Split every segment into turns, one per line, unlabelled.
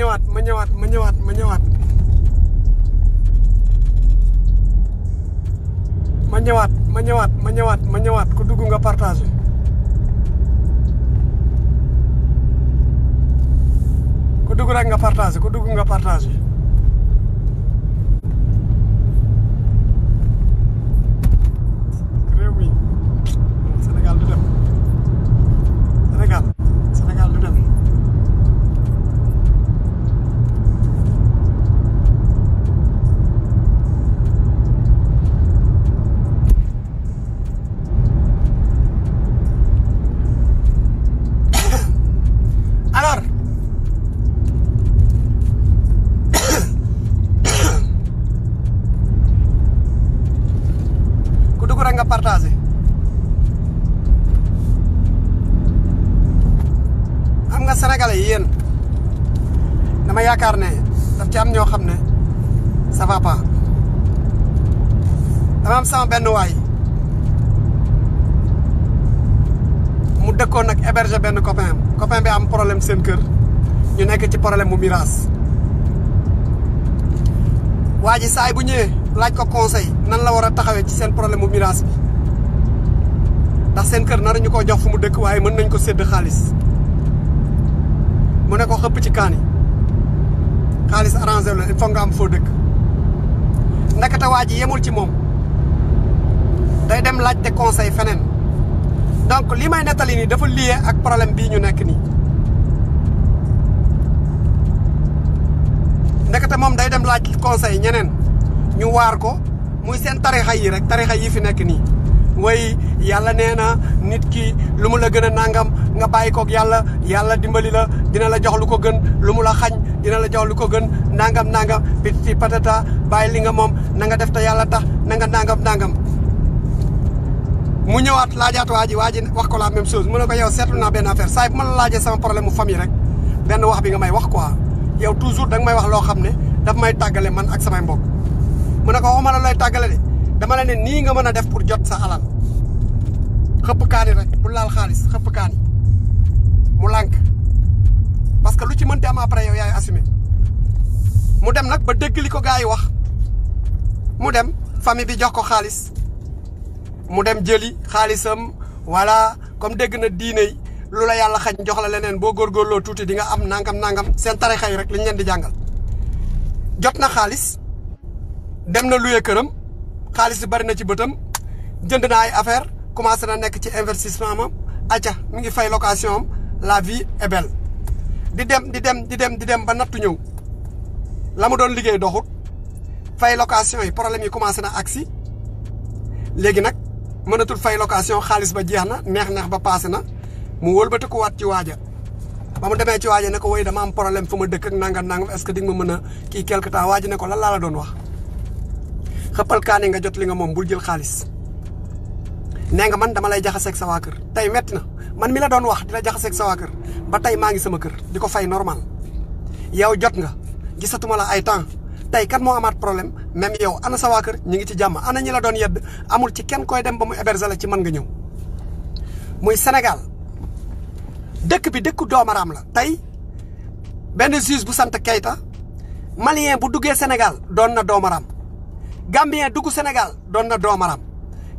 menyewat, menyewat, menyewat, menyuat menyuat menyuat menyuat menyuat kudugu nggak partage kudugu rek nga partage kudugu nggak partage nga partagé am nga sénégalais yéen dama yaakaar ne daf ci am ñoo xam ne ça va pas dama am sama benn waay mu dëkkoon nag héberger benn copain am bi am problème seen kër ñu nekk ci problème mu miraas waa ji saay bu ñëwee laaj ko conseil nan la wara taxawé ci sen problème mirage bi ndax sen kër nañu ko jox fu mu dëkk waye mën nañ ko sédd xaalis mu ne ko xëpp ci kaan yi arrangé la il faut nga am fo dëkk ndakate waa yemul ci mom day dem té conseil fenen donc li may nettali ni dafa lié ak problème bi ñu nekk nii mom day dem laaj conseil ñenen ñu waar ko muy seen tarixa yi rek tarixa yi fi nekk nii way yalla nee na nit ki lu mu la gën a nangam nga bàyyi koog yàlla yàlla dimbali la dina la jox lu ko gën lu mu la xañ dina la jox lu ko gën nangam nangam petit patata bàyyi li nga moom na nga def te yàlla tax na nga nangam nangam mu ñëwaat laajaat waa waaji wax ko la même chose mu ne ko yow seetlu naa affaire saa la laajee sama problème famille rek benn wax bi nga may wax quoi yow toujours da may wax loo xam ne daf may tàggale man ak samay mbokk mu ne ko waxuma lay tagale de dama la ne ni nga meuna def pour jot sa alal xep kaani rek bu laal xaalis xep kaani mu lank parce que lu ci meunte am après yow yaay assumer mu dem nak ba degg liko gaay wax mu dem famille bi jox ko xaalis mu dem jeli xaalisam wala comme degg na diine lu la yàlla xañ jox la gor gor lo touti di nga am nangam nangam sen tarixa yi rek liñ ñu leen di jangal jotna na dem na louer keureum xaalis bari na ci beutam jënd na ay affaire commencé na nek ci investissement am acca mi ngi fay location la vie est belle di dem di dem di dem di dem ba nattu ñew lamu doon liggéey doxut fay location yi problème yi commencé na aksi légui nak mënatul fay location xaalis ba jeex na neex-neex ba passé na mu wat ci waja ba mu démé ci waja ne ko dama am problème fuma dëkk ak nangam nangam est ce que di ma quelque temps ne ko la doon wax xëppal kaane nga jot li nga mom bul jël xaliss nee nga man dama lay ak sa wa kër tay metti na man mi la doon wax dila la ak sa wa kër ba tay maa ngi sama kër diko fay normal yow jot nga gisatuma la ay temps tay kan mo amat problème même yow ana sa wa kër ñi ngi ci jamm ana ñi la doon yedd amul ci kenn koy dem ba mu héberger la ci man nga ñew muy Sénégal dekk bi dëkku doomaraam la tay ben juge bu sante kayta malien bu duggé Sénégal doon na doomaraam gambien duggu senegal don na domaram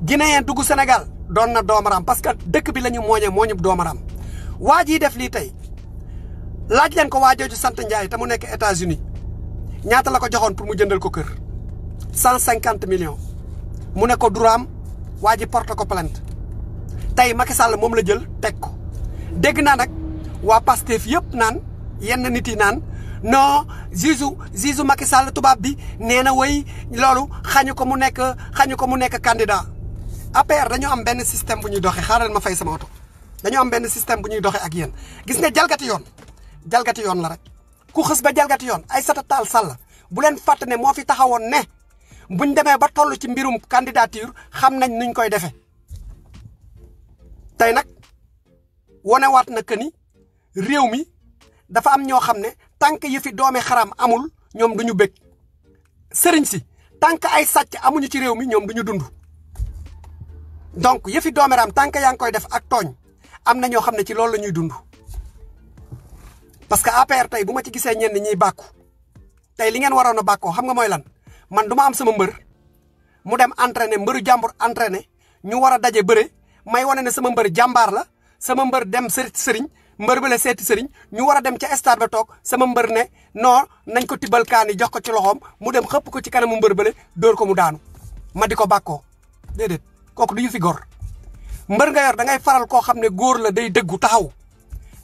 guinéen duggu senegal don na domaram parce que dëkk bi lañu moñe moñu domaram waji def li tay laaj len ko wajjo ci sante ndjay te mu nekk États-Unis ñaata la ko joxone pour mu jëndal ko keur 150 millions mu ne ko duram waji porte ko plainte tay Macky Sall mom la jël tek ko dégg na nak wa Pastef yep nan yenn nit yi naan non Zizou Zizou Macky Sall tubaab bi nee na way loolu xañu ko mu nekk xañu ko mu nekk candidat APR dañoo am benn système bu ñuy doxee xaaral ma fay sama oto dañoo am benn système bu ñuy doxee ak yéen gis nga jalgati yoon jalgati yoon la rek ku xës ba jalgati yoon Aïssata Tall Sall bu leen fàtte moo fi taxawoon ne buñ demee ba toll ci mbirum candidature xam nañ nuñ koy defee tey nag waat na que ni réew mi dafa am ñoo xam ne tank yu fi doomi xaram amul ñoom duñu serinci sëriñ si tank ay sàcc amuñu ci réew mi ñoom duñu dund donc yëfi doomeram tank yaa ngi koy def ak tooñ am na ñoo xam ne ci loolu la ñuy dund parce que APR tey bu ma ci gisee ñenn ñiy bàkku tey li ngeen waroon a xam nga mooy lan man duma am sama mbër mu dem entraîner mbëru jàmbur entraîner ñu war a daje bëre may wane ne sama mbër jàmbaar la sama mbër dem sëriñ mbeur bi la setti serign ñu wara dem ci stade ba tok sama mbeur ne non nañ ko tibbal kaani jox ko ci loxom mu dem xep ko ci kanam mbeur bele door ko mu daanu ma diko bako dedet déedéet duñu fi gor mbeur nga yor da ngay faral ko xamne gor la day deggu taxaw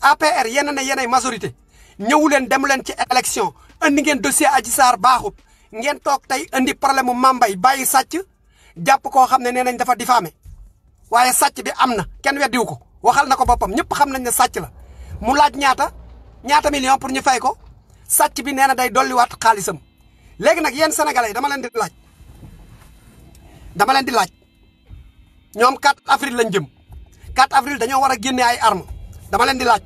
APR yenn ne yeneen majorité ñewu len dem len ci election andi ngeen dossier aji sar baxut ngeen tok tay andi problème mambay bàyyi satch japp ko xamne ne nañ dafa difamé waye satch bi amna ken weddi wuko waxal na ko boppam ñëpp xam nañ ne sàcc la mu laaj ñaata ñaata million pour ñu fay ko sàcc bi nee na day dolliwaat xaalisam léegi nag yéen sénégalais yi dama leen di laaj dama leen di laaj ñoom 4 avril lañ jëm 4 avril dañoo war a génne ay armes dama leen di laaj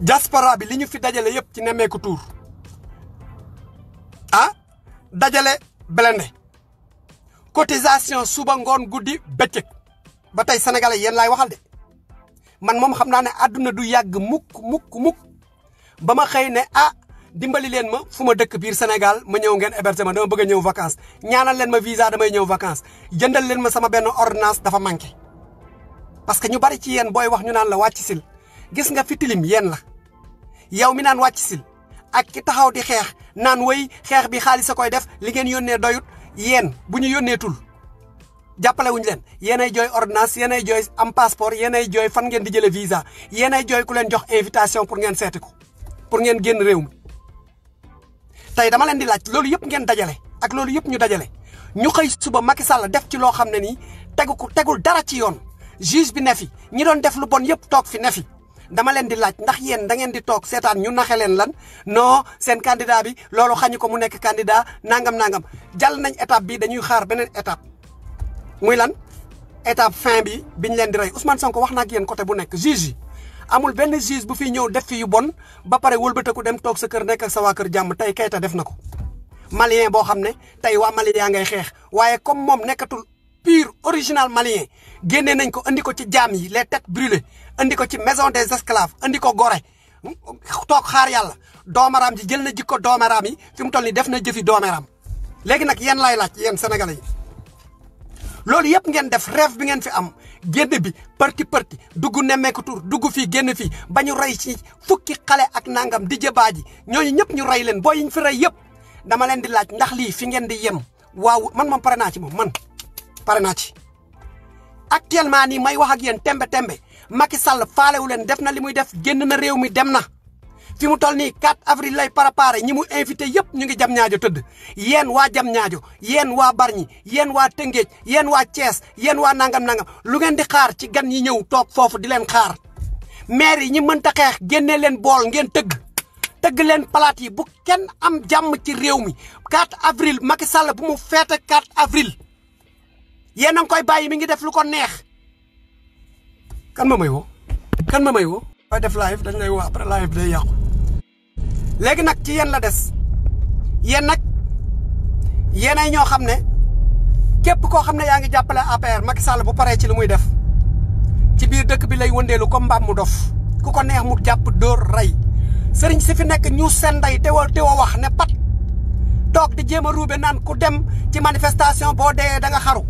diaspora bi li ñu fi dajale yëpp ci nemmeeku tuur ah dajale blende cotisation suba ngoon guddi bëccëg ba tey sénégalais yéen laay waxal de man moom xam naa ne àdduna du yàgg mukk muk mukk ba ma xëy ne ah dimbali leen ma fu ma dëkk biir Sénégal ma ñëw ngeen héberger ma dama bëgg a ñëw vacances ñaanal leen ma visa damay ñëw vacances jëndal leen ma sama benn ordinance dafa manqué. parce que ñu bari ci yéen booy wax ñu naan la wàcc sil gis nga fi tilim yéen la yow mi naan wàcc sil ak ki taxaw di xeex naan way xeex bi xaalis a koy def li ngeen yónnee doyut yéen bu ñu yónneetul jàppale wuñ len yenay joy ordonnance yenay joy am passeport yenay joy fan ngeen di jëlee visa yenay joy ku len jox invitation pour ngeen sétiko pour ngeen genn réew mi tay dama len di laaj lolu yëpp ngeen dajale ak lolu yëpp ñu dajalé ñu xey suba Macky Sall def ci lo xamné ni nii ko tegul dara ci yoon juge bi nefi ñi doon def lu bon yëpp tok fi nefi dama len di laaj ndax yeen da ngeen di tok seetaan ñu naxé len lan non sen candidat bi lolu xañu ko mu nekk candidat nangam nangam jall nañ étape bi dañuy xaar benen étape. muy lan étape fin bi biñ leen di rey Ousmane Sonko wax naa ak yéen côté bu nekk juge yi amul benn juge bu fi ñëw def fi yu bon ba pare wëlbatiku dem toog sa kër nekk ak sa waa kër jàmm tey Keita def na ko. malien boo xam ne tey waa Mali yaa ngay xeex waaye comme moom nekkatul pur original malien génnee nañ ko indi ko ci jaam yi les têtes brûlées andi ko ci maison des esclaves indi ko gore toog xaar yàlla doomaraam ji jël na jikko doomaraam yi fi mu toll nii def na jëfi doomaraam léegi nag yéen lay laaj yéen sénégalais loolu yëpp ngeen def rêve bi ngeen fi am génn bi parti parti dugg nemmeeku dugg fii génn fi ba ñu rey ci fukki xale ak nangam di jëbaaji ñooñu ñëpp ñu rey leen booy ñu fi rey yëpp dama leen di laaj ndax lii fi ngeen di yem waaw man moom pare naa ci moom man pare naa ci. actuellement nii may wax ak yéen tembe tembe Macky sal faalewu leen def na li muy def génn na réew mi dem na. fi mu toll nii 4 avril lay para ñi mu invité yépp ñu ngi jam ñaajo tëdd yéen waa jam ñaajo yéen waa barñi yéen waa tëngéej yéen waa Thiès yéen waa nangam-nangam lu ngeen di xaar ci gan yi ñëw toog foofu di leen xaar maire yi ñi mënta xeex génne leen bool ngeen tëgg tëgg leen palaat yi bu kenn am jàmm ci réew mi 4 avril Macky Sall bu mu fête 4 avril yéen a ngi koy bàyyi mi ngi def lu ko neex kan ma may woo kan ma may woo. def live dañ lay woo après live day yàqu léegi nak ci yeen la des yéen nag yéenay ñoo xam ne képp ko xamne yaangi yaa APR Macky Sall bu paré ci limuy def ci biir dëkk bi lay wëndeelu ko mbam mu dof ku ko neex mu japp ray sëriñ ci fi nek ñu te wax ne pat tok di jema roubé nan ku dem ci manifestation bo dé da nga xaru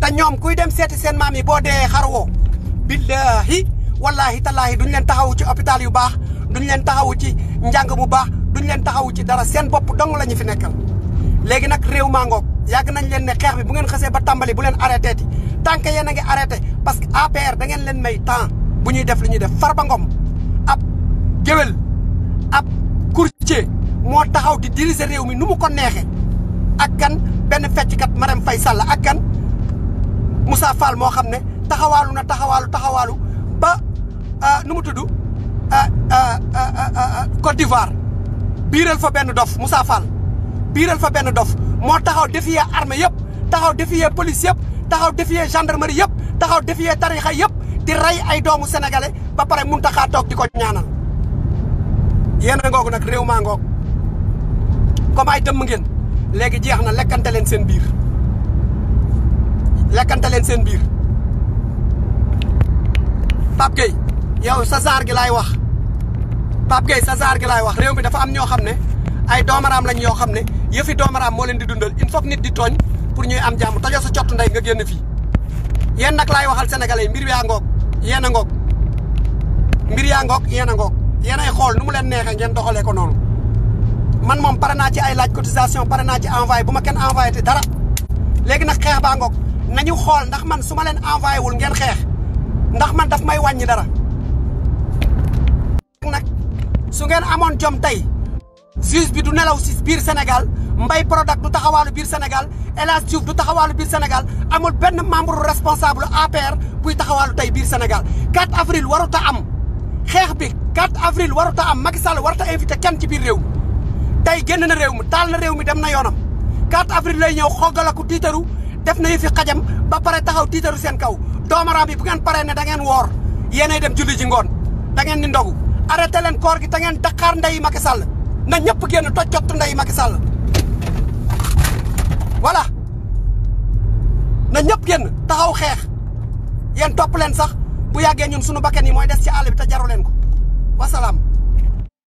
ta ñom kuy dem séti sen maam yi dé xaru wo billahi wallahi tallahi duñ len taxaw ci hôpital yu baax duñ leen taxawu ci njang mu baax duñ leen taxawu ci dara seen bop dong lañu fi nekkal legi nak rew ma ngok yag nañ leen ne xex bi bu ngeen xasse ba tambali bu leen arrêté ti tant que arrêté parce que APR da ngeen leen may temps bu ñuy def li ñuy def farba ngom ab gewel ab courtier mo taxaw di diriger rew mi numu ko nexé ak kan benn fecckat Marème Faye Sall ak kan Moussa Fall mo xamne taxawalu na taxawalu taxawalu ba euh, numu tuddu Ah, ah, ah, Côte d'Ivoire biiral fa benn dof Moussa Fall biiral fa benn dof moo taxaw défier armée yëpp taxaw défier police yëpp taxaw défier mari yëpp taxaw défier tarixa yëpp di rey ay doomu sénégalais ba pare mun taxaa toog di ko ñaanal yéen a ngoog nag réew maa ngoog comme ay dëmm ngeen léegi jeex na lekkante leen seen biir lekkante leen seen biir Pape Gueye yow sa saar gi laay wax Pape Gueye sa saar gi laay wax réew mi dafa am ñoo xam ne ay doomaraam lañ yoo xam ne yëfi doomaraam moo leen di dundal in faut nit di tooñ pour ñuy am jàmm tojoo sa cott ndey nga génn fii yéen nag laay waxal sénégalais yi mbir yaa ngoog yéen a ngoog mbir yaa ngoog yéen a ngoog yéen ay xool nu mu leen neexee ngeen doxalee ko noonu man moom pare naa ci ay laaj cotisation pare naa ci envoyé bu ma kenn envoyé te dara léegi nag xeex baa ngoog nañu xool ndax man su ma leen envoyé wul ngeen xeex ndax man daf may wàññi dara nak su ngeen amone jom tay juge bi du nelaw ci bir senegal mbay product du taxawal bir senegal elas Hadj du taxawal bir senegal amul ben membre responsable APR buy taxawal tay bir senegal 4 avril waruta am xex bi 4 avril waruta am Macky Sall waruta invité kenn ci bir rew tay genn na rew mi tal na rew mi dem na yonam 4 avril lay ñëw xoggalaku titeru def na yëfi xajam ba pare taxaw titeru sen kaw doomaraam bi bu ngeen pare ne da ngeen wor yene dem julli ci ngone da ngeen ni ndogu arrêté len koor gi ta ngeen Dakar nday Macky Sall na ñepp génn toj nday Macky Sall voilà na ñepp génn taxaw xex yeen top len sax bu yagge ñun suñu bakkan yi moy dess ci àll bi te jaru len ko wa salam